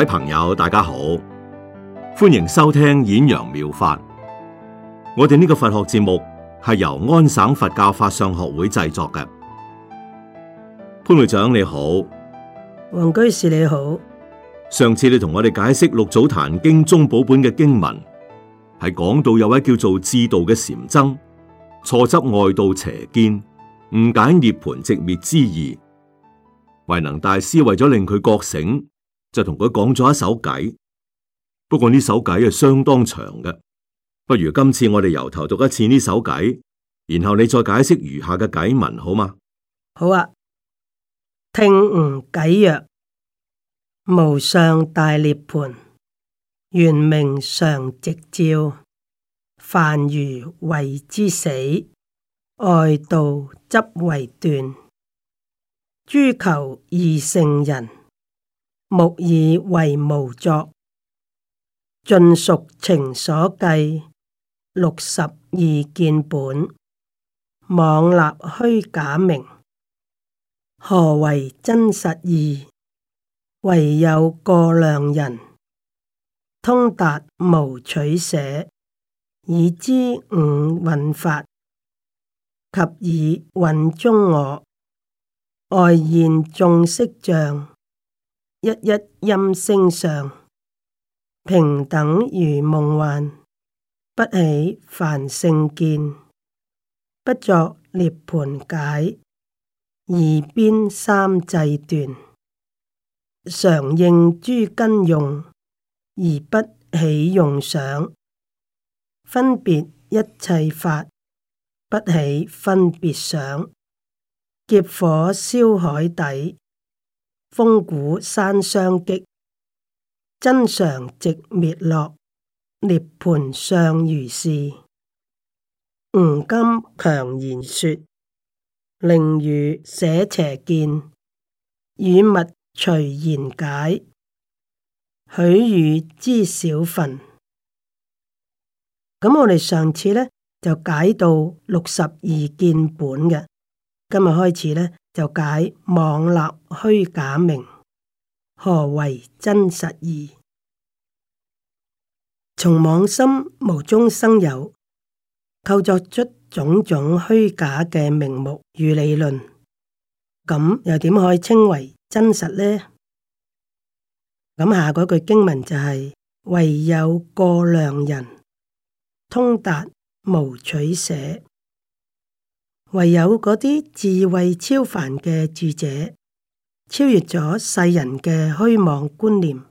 各位朋友，大家好，歡迎收聽演揚妙，妙法。我哋呢個佛學節目係由安省佛教法相學會製作嘅。潘會長你好，黃居士你好。上次你同我哋解釋六祖壇經宗寶本本嘅經文，係講到有位叫做志道嘅禪僧錯執外道邪見，誤解涅槃寂滅之義。慧能大師為咗令佢覺醒。就同佢講咗一首偈，不過呢首偈係相當長嘅，不如今次我哋由頭讀一次呢首偈，然後你再解釋餘下嘅偈文好嗎？好啊，聽吾偈曰：無上大涅槃，圓明常寂照，凡愚謂之死，外道執為斷，諸求二乘人。目以為無作，盡屬情所計。六十二見本，妄立虛假名。何為真實義？唯有過量人，通達無取捨，以知五蘊法及以蘊中我，外現眾色像。一一音聲上，平等如夢幻，不起凡聖見，不作涅盤解，二邊三際斷，常應諸根用，而不起用想，分別一切法，不起分別想，劫火燒海底。風鼓山相擊，真常直滅落，涅盤尚如是。吾今強言說，令汝捨邪見，與物隨言解，許汝知少分。咁我哋上次咧就解到六十二見本嘅，今日開始咧。就解網絡虛假名，何為真實意？從妄心無中生有，構造出種種虛假嘅名目與理論，咁又點可以稱為真實呢？咁下句經文就係：唯有過量人，通達無取捨。唯有嗰啲智慧超凡嘅智者，超越咗世人嘅虛妄觀念，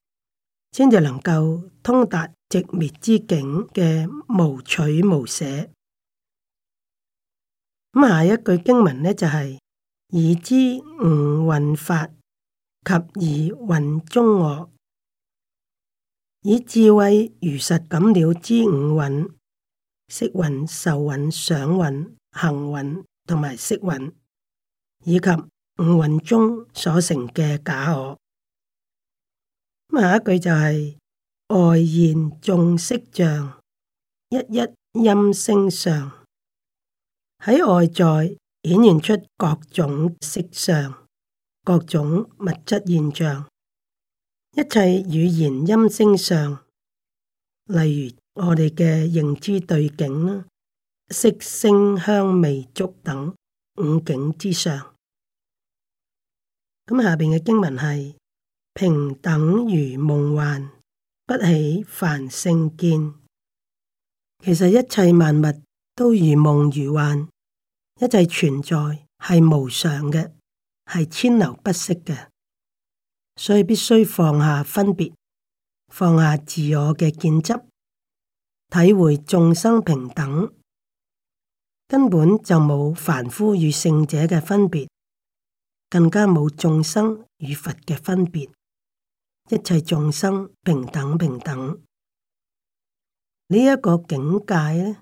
先至能夠通達寂滅之境嘅無取無捨。咁、嗯、下一句經文呢，就係、是、以知五蘊法及以蘊中我，以智慧如實感了知五蘊、色蘊、受蘊、想蘊、行蘊。同埋色蘊，以及五蘊中所成嘅假我。下一句就係外現眾色相，一一音聲相。喺外在顯現出各種色相、各種物質現象，一切語言音聲相，例如我哋嘅認知對境啦。色聲香味觸等五境之上。咁下面的經文係平等如夢幻，不起凡聖見。其實一切萬物都如夢如幻，一切存在，係無常嘅，係千流不息嘅。所以必須放下分別，放下自我嘅見執，體會眾生平等，根本就冇凡夫與聖者嘅分別，更加冇眾生與佛嘅分別，一切眾生平等平等。呢、這、一個境界咧，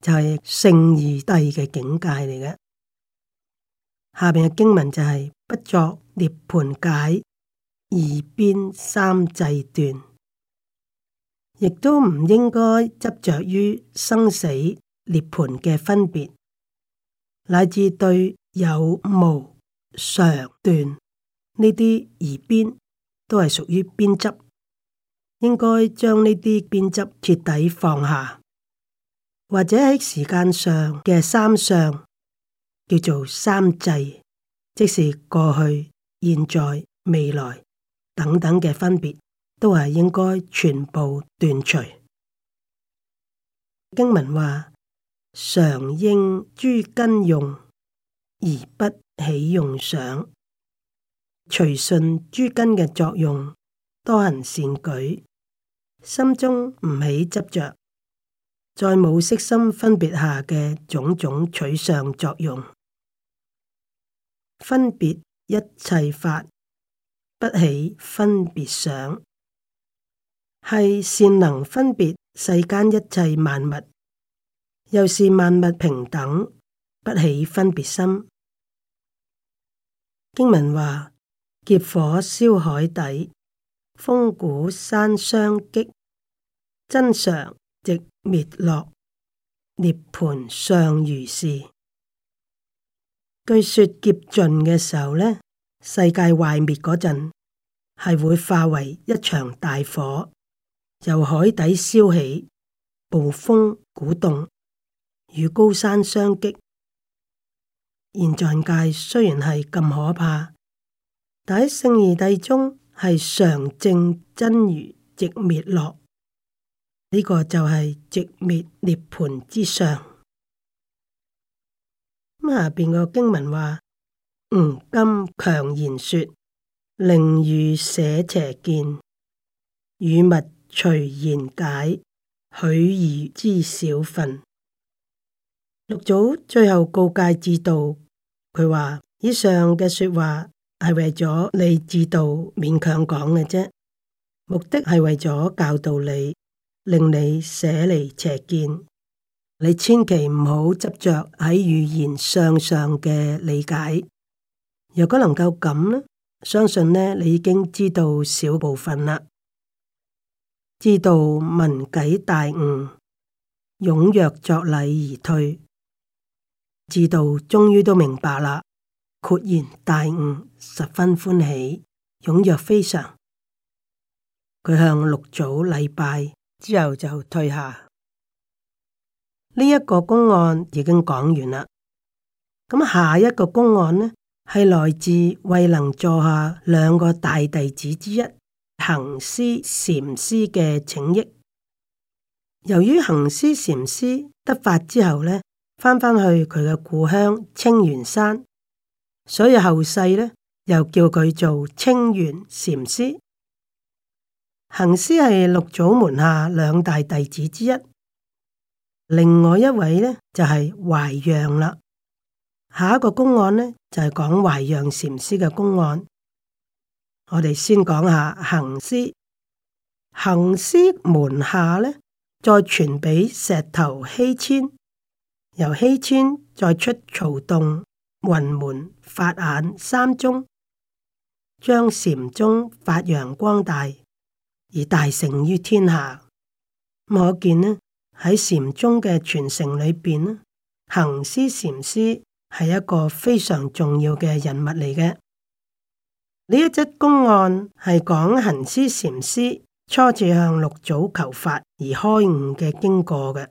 就係、是、勝義諦嘅境界嚟嘅。下邊嘅經文就係、是、不作涅槃解，二邊三際斷，亦都唔應該執着於生死。涅盤嘅分別，乃至對有無常斷呢啲二邊，都係屬於邊執，應該將呢啲邊執徹底放下，或者喺時間上嘅三相，叫做三際，即是過去、現在、未來等等嘅分別，都係應該全部斷除。經文話。常應諸根用，而不起用想；隨順諸根嘅作用，多行善舉，心中唔起執着，在冇色心分別下嘅種種取上作用，分別一切法，不起分別想，係善能分別世間一切萬物。又是萬物平等，不起分別心。經文話：劫火燒海底，風鼓山相擊，真相直滅落，涅盤尚如是。據說劫盡嘅時候呢，世界壞滅嗰陣，係會化為一場大火，由海底燒起，暴風鼓動。與高山相擊，現象界雖然係咁可怕，但喺聖義諦中係常正真如寂滅樂。呢、這個就係寂滅涅槃之上。下邊個經文話：吾、嗯、今強言說，令遇捨邪見，與物隨言解，許兒知少分。六祖最後告誡志誠，佢話：以上嘅說話係為咗你志誠勉強講嘅啫，目的係為咗教導你，令你捨離邪見。你千祈唔好執着喺語言上上嘅理解。如果能夠咁呢，相信呢你已經知道少部分啦，志誠聞偈大悟，踴躍作禮而退。志道終於都明白啦，豁然大悟，十分歡喜，踊躍非常。佢向六祖禮拜之後就退下。呢、這、一個公案已經講完啦。咁下一個公案呢，係來自慧能座下兩個大弟子之一行思禪師嘅請益。由於行思禪師得法之後呢，返返去佢嘅故鄉清源山，所以後世呢，又叫佢做清源禪師。行思係六祖門下兩大弟子之一，另外一位呢就係懷讓啦。下一個公案呢就係講懷讓禪師嘅公案。我哋先講下行思，行思門下呢再傳畀石頭希遷。由希遷再出曹洞、雲門、法眼三宗，將禪宗發揚光大而大成於天下。咁可見呢喺禪宗嘅傳承裏邊呢，行思禪師係一個非常重要嘅人物嚟嘅。呢一則公案係講行思禪師初次向六祖求法而開悟嘅經過嘅。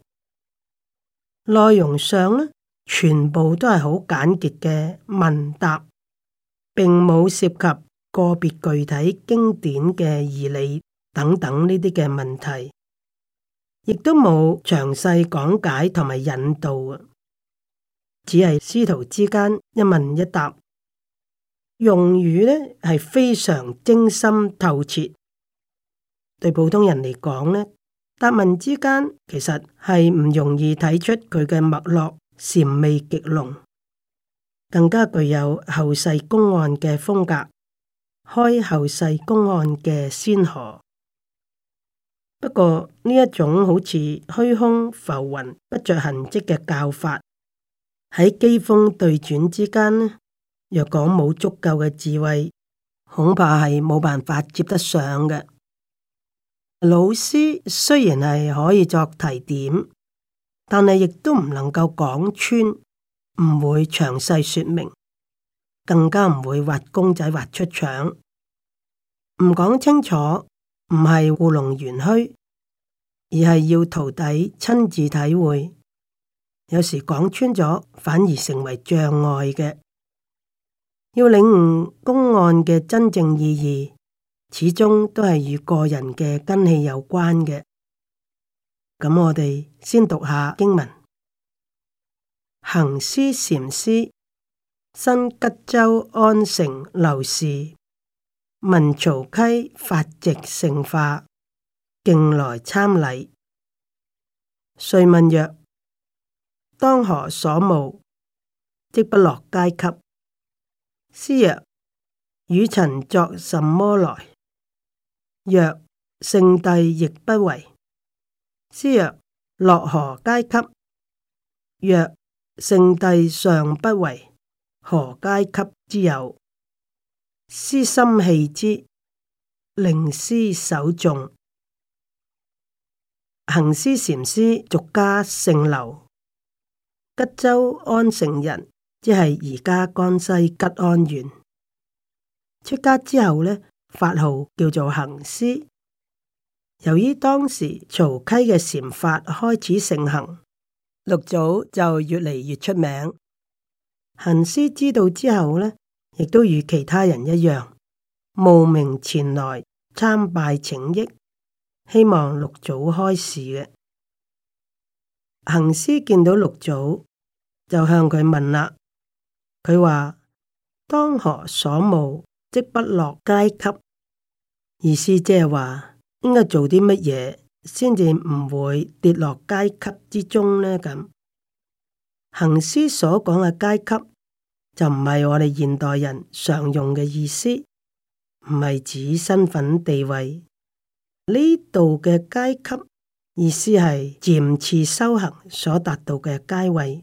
內容上呢，全部都係好簡潔嘅問答，並冇涉及個別具體經典嘅義理等等呢啲嘅問題，亦都冇詳細講解同埋引導，只係師徒之間一問一答，用語呢係非常精心透徹，對普通人嚟講咧。答問之間，其實係唔容易睇出佢嘅脈絡，禪味極濃，更加具有後世公案嘅風格，開後世公案嘅先河。不過呢一種好似虛空浮雲、不着痕跡嘅教法，喺機鋒對轉之間，若講冇足夠嘅智慧，恐怕係冇辦法接得上嘅。老師雖然係可以作提點，但係亦都唔能夠講穿，唔會詳細說明，更加唔會畫公仔畫出腸，唔講清楚，唔係糊弄玄虛，而係要徒弟親自體會。有時講穿咗，反而成為障礙嘅。要領悟公案嘅真正意義。始終都係與個人嘅根器有關嘅。咁我哋先讀下經文：行思禪師，新吉州安城劉氏，聞曹溪法席盛化，徑來參禮。遂問曰：當何所務？即不落階級。師曰：汝曾作什麼來？若聖帝亦不為。師曰：「落何階級？若聖帝尚不為，何階級之有？師心棄之，令師守眾。行思禪師，俗家姓劉，吉州安城人，即係而家江西吉安縣。出家之後呢？法號叫做行思，由於當時曹溪嘅禪法開始盛行，六祖就越嚟越出名。行思知道之後呢，亦都與其他人一樣，慕名前來參拜請益，希望六祖開示嘅。行思見到六祖，就向佢問啦。佢話：當何所務？即不落階級，意思即係話應該做啲乜嘢先至唔會跌落階級之中呢？咁行思所講嘅階級就唔係我哋現代人常用嘅意思，唔係指身份地位。呢度嘅階級意思係漸次修行所達到嘅階位。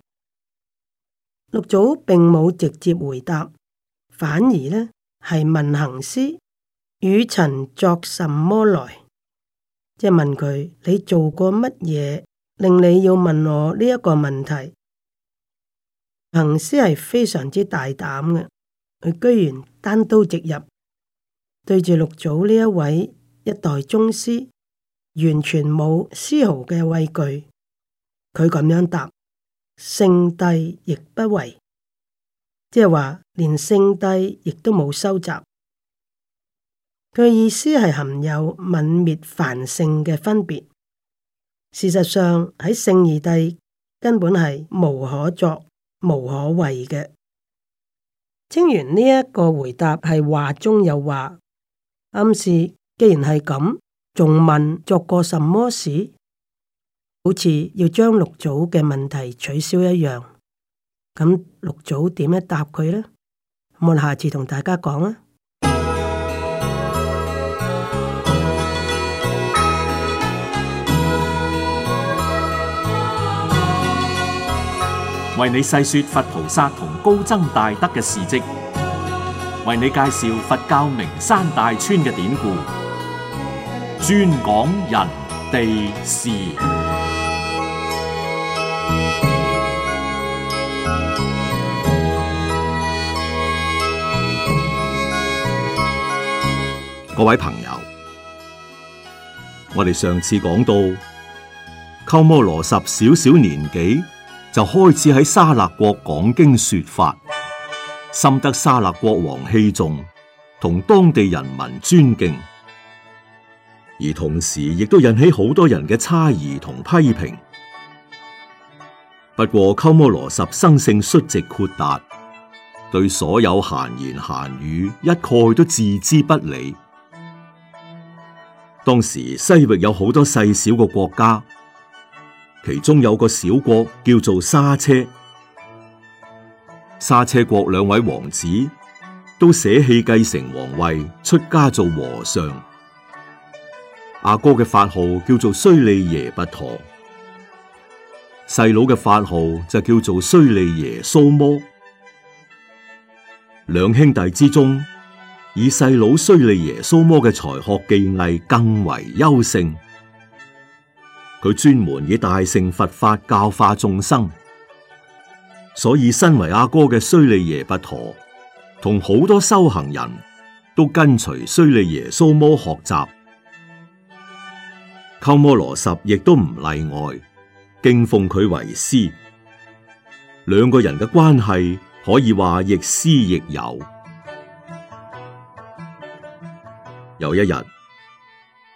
六祖並冇直接回答，反而呢，係問行思，汝曾作什麼來？即係問佢，你做過乜嘢令你要問我呢一個問題？行思係非常之大膽嘅，佢居然單刀直入，對住六祖呢一位一代宗師，完全冇絲毫嘅畏懼。佢咁樣答：聖諦亦不為，即係話。連聖帝亦都冇收集，佢意思係含有泯滅凡聖嘅分別。事實上喺聖義帝根本係無可作、無可為嘅。清完呢一個回答係話中有話，暗示既然係咁，仲問作過什麼事，好似要將六祖嘅問題取消一樣。咁六祖點樣答佢呢？我下次同大家講啊。為你細說佛菩薩同高僧大德嘅事跡，為你介紹佛教名山大川嘅典故，專講人地事。各位朋友，我哋上次講到，鳩摩羅什小小年紀就開始喺沙勒國講經說法，深得沙勒國王器重，同當地人民尊敬，而同時亦都引起好多人嘅詫異同批評。不過鳩摩羅什生性率直豁達，對所有閒言閒語一概都置之不理。當時西域有好多細小，小個國家，其中有個小國叫做莎車。莎車國兩位王子都捨棄繼承皇位，出家做和尚。阿哥嘅法號叫做須利耶不陀，細佬嘅法號就叫做須利耶蘇摩。兩兄弟之中，以細佬須利耶蘇摩嘅才學技藝更為優勝，佢專門以大乘佛法教化眾生，所以身為阿哥嘅須利耶不陀，同好多修行人都跟隨須利耶蘇摩學習，鳩摩羅什亦都唔例外，敬奉佢為師，兩個人嘅關係可以話亦師亦友。有一日，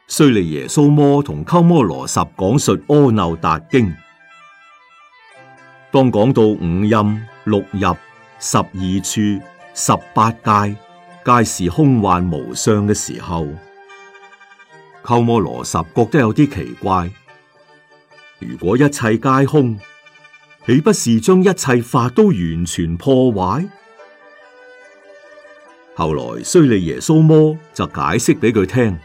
須利耶蘇摩同鳩摩羅什講述《阿耨達經》，當講到五陰、六入、十二處、十八界皆是空幻無相嘅時候，鳩摩羅什覺得有啲奇怪。如果一切皆空，豈不是將一切法都完全破壞？後來，須利耶蘇摩就解釋俾佢聽，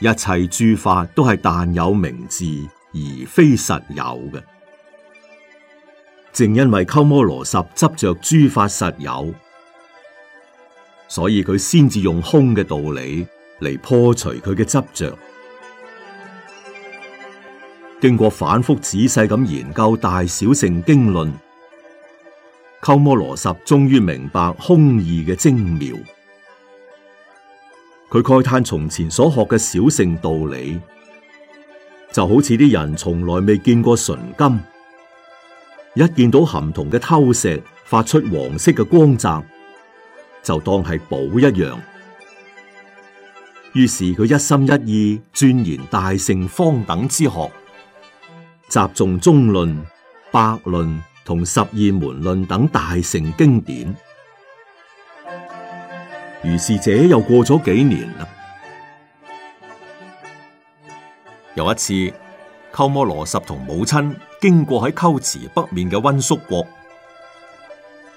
一切諸法都係但有名字而非實有嘅。正因為鳩摩羅什執着諸法實有，所以佢先至用空嘅道理嚟破除佢嘅執着。經過反復仔細咁研究大小乘經論。鳩摩羅什終於明白空義嘅精妙，佢慨嘆從前所學嘅小乘道理就好似啲人從來未見過純金，一見到含銅嘅偷石發出黃色嘅光澤，就當係寶一樣。於是佢一心一意鑽研大乘方等之學，集中中論、百論。同十二門論等大乘經典。於是者又過咗幾年啦。有一次，鳩摩羅什同母親經過喺龜茲北面嘅溫宿國，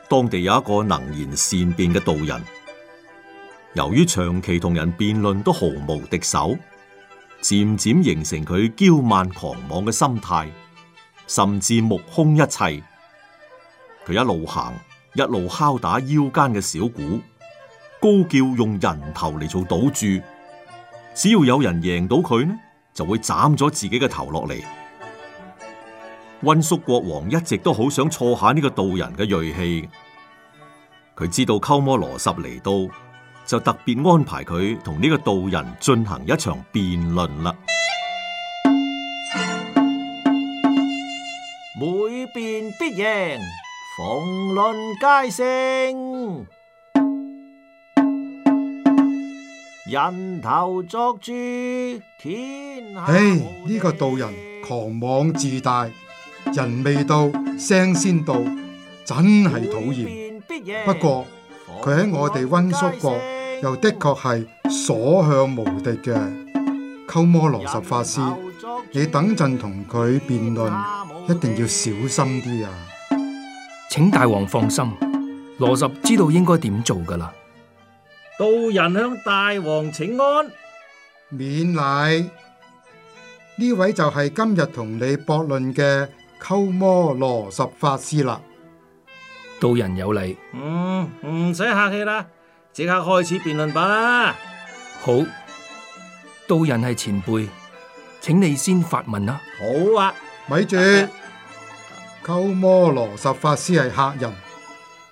當地有一個能言善辯嘅道人。由於長期同人辯論都毫無敵手，漸漸形成佢驕慢狂妄嘅心態，甚至目空一切。佢一路行，一路敲打腰間嘅小鼓，高叫用人頭嚟做賭注只要有人贏到佢呢，就會斬咗自己嘅頭落嚟。温宿國王一直都好想挫下呢個道人嘅銳氣，佢知道鳩摩羅什嚟到，就特別安排佢同呢個道人進行一場辯論啦。每辯必贏。紅論皆勝，人頭作主天下唉，呢、hey, 個道人狂妄自大，人未到聲先到，真係討厭。不過，佢喺泥我哋溫宿國又的確係所向無敵嘅，鳩摩羅什法師，你等陣同佢辯論，一定要小心啲啊！請大王放心，羅什知道應該點做噶啦。道人向大王請安。免禮。呢位就係今日同你駁論嘅鳩摩羅什法師啦。道人有禮。嗯，唔使客氣啦，即刻開始辯論吧。好。道人係前輩，請你先發問啦。好啊，咪住。鳩摩羅什法師係客人，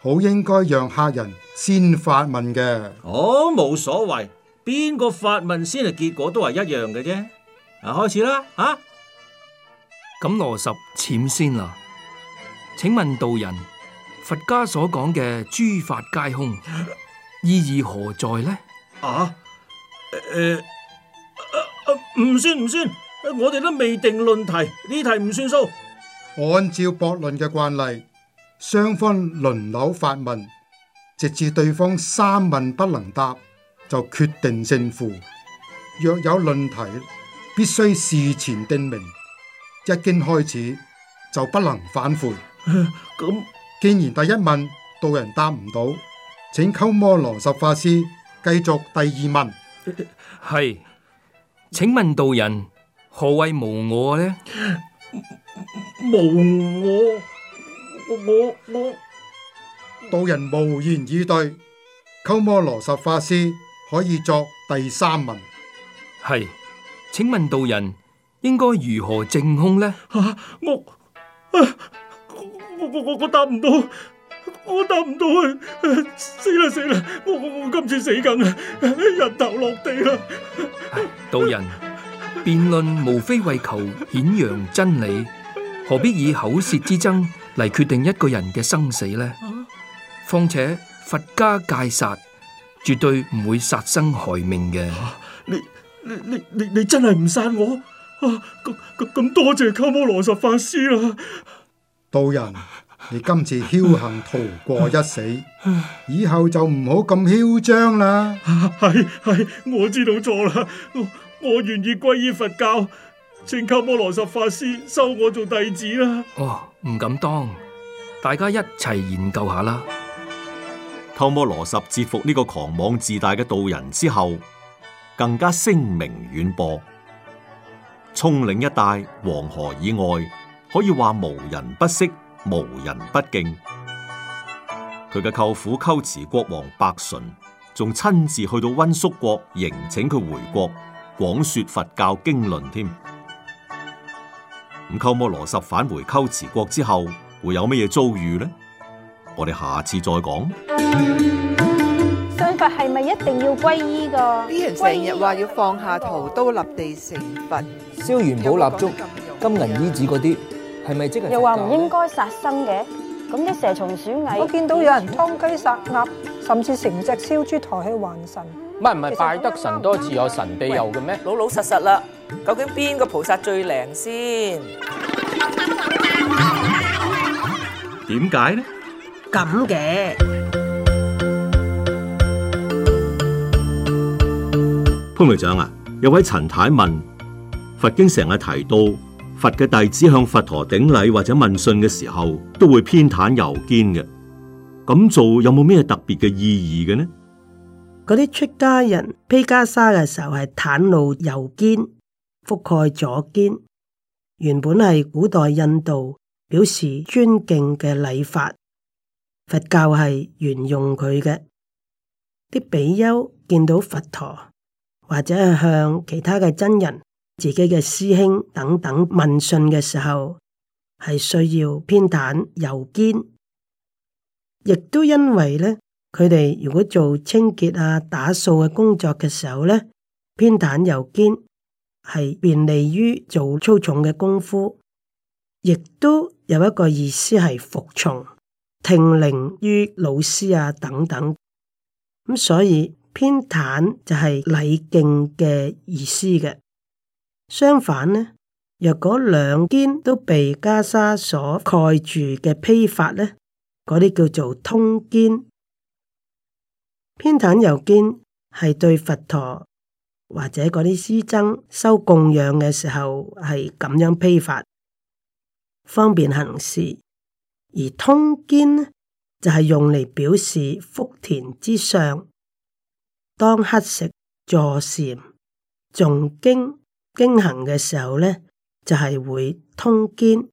好應該讓客人先發問嘅。我冇、oh, 所謂，邊個發問先，結果都係一樣嘅啫。嗱，開始啦，吓。咁羅什潛先啦，請問道人，佛家所講嘅諸法皆空，意義何在呢？啊？誒、啊，唔、啊呃啊啊啊啊、算唔算，我哋都未定論題，呢題唔算數。按照駁論嘅慣例，雙方輪流發問，直至對方三問不能答，就決定勝負。若有論題，必須事前定明，一經開始就不能反悔。咁、嗯嗯、既然第一問道人答唔到，請鳩摩羅什法師繼續第二問。係、嗯嗯，請問道人何謂無我呢？嗯嗯無我，我我我道人無言以對。鳩摩羅什法師可以作第三問，係，請問道人應該如何正空呢？我啊，我我我答唔到，我答唔到啊！死啦死啦，我我我今次死梗啦，人頭落地啦！道人辯論無非為求顯揚真理。何必以口舌之爭嚟決定一個人嘅生死呢？況且佛家戒殺，絕對唔會殺生害命嘅、啊。你你你你你真係唔殺我啊！咁咁多謝鳩摩羅什法師啦、啊。道人，你今次僥倖逃過一死，啊、以後就唔好咁囂張啦。係係，我知道錯啦，我我願意歸依佛教。請鳩摩羅什法師收我做弟子啦！哦，唔敢當，大家一齊研究下啦。鳩摩羅什折服呢個狂妄自大嘅道人之後，更加聲名遠播，蔥嶺一帶、黃河以外，可以話無人不識、無人不敬。佢嘅舅父龜茲國王白純，仲親自去到溫宿國迎請佢回國，廣說佛教經論添。咁鳩、嗯、摩羅什返回龜茲國之後會有乜嘢遭遇呢？我哋下次再講。修佛係咪一定要皈依㗎？啲人成日話要放下屠刀立地成佛，燒元寶蠟燭、金銀衣紙嗰啲，係咪即係？又話唔應該殺生嘅，咁啲、啊、蛇蟲鼠蟻，我見到有人劏雞殺鴨，甚至成隻燒豬抬去還神，乜唔係拜得神多自有神庇佑嘅咩？喂老老實實啦。究竟邊個菩薩最靈先？點解呢？咁嘅潘會長啊，有位陳太問，佛經成日提到佛嘅弟子向佛陀頂禮或者問訊嘅時候都會偏袒右肩嘅，咁做有冇咩特別嘅意義嘅呢？嗰啲出家人披袈裟嘅時候係袒露右肩，覆蓋左肩，原本係古代印度表示尊敬嘅禮法。佛教係沿用佢嘅。啲比丘見到佛陀或者係向其他嘅真人、自己嘅師兄等等問訊嘅時候，係需要偏袒右肩。亦都因為呢，佢哋如果做清潔啊、打掃嘅工作嘅時候呢，偏袒右肩。係便利於做粗重嘅功夫，亦都有一個意思係服從聽令於老師啊等等。咁、嗯、所以偏袒就係禮敬嘅意思嘅。相反呢，若果兩肩都被袈裟所蓋住嘅披發呢，嗰啲叫做通肩。偏袒右肩係對佛陀，或者嗰啲師僧收供養嘅時候係咁樣批發，方便行事。而通肩呢就係、是、用嚟表示福田之上，當乞食坐禪誦經經行嘅時候咧，就係、是、會通肩。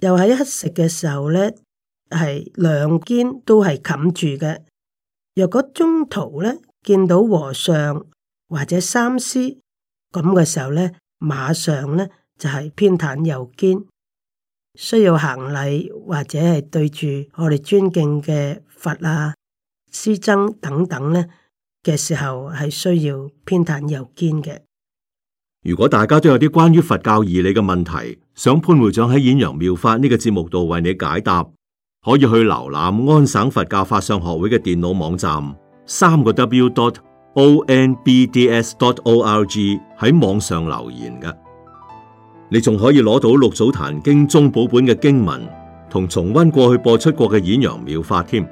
又喺乞食嘅時候咧，係兩肩都係冚住嘅。若果中途咧見到和尚。或者三思咁嘅時候咧，馬上咧就係、是、偏袒右肩，需要行禮或者係對住我哋尊敬嘅佛啊、師僧等等咧嘅時候，係需要偏袒右肩嘅。如果大家都有啲關於佛教義理嘅問題，想潘會長喺《演揚妙法》呢、這個節目度為你解答，可以去瀏覽安省佛教法相學會嘅電腦網站，三個 W dot。Onbds.org 喺網上留言㗎，你仲可以攞到六祖壇經中寶本嘅經文，同重溫過去播出過嘅演揚妙法添了。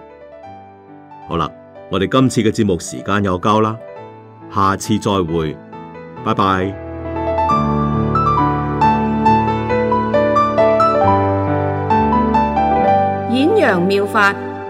好啦，我哋今次嘅節目時間又夠啦，下次再會，拜拜。演揚妙法。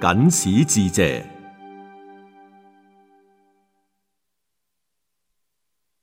僅此致謝。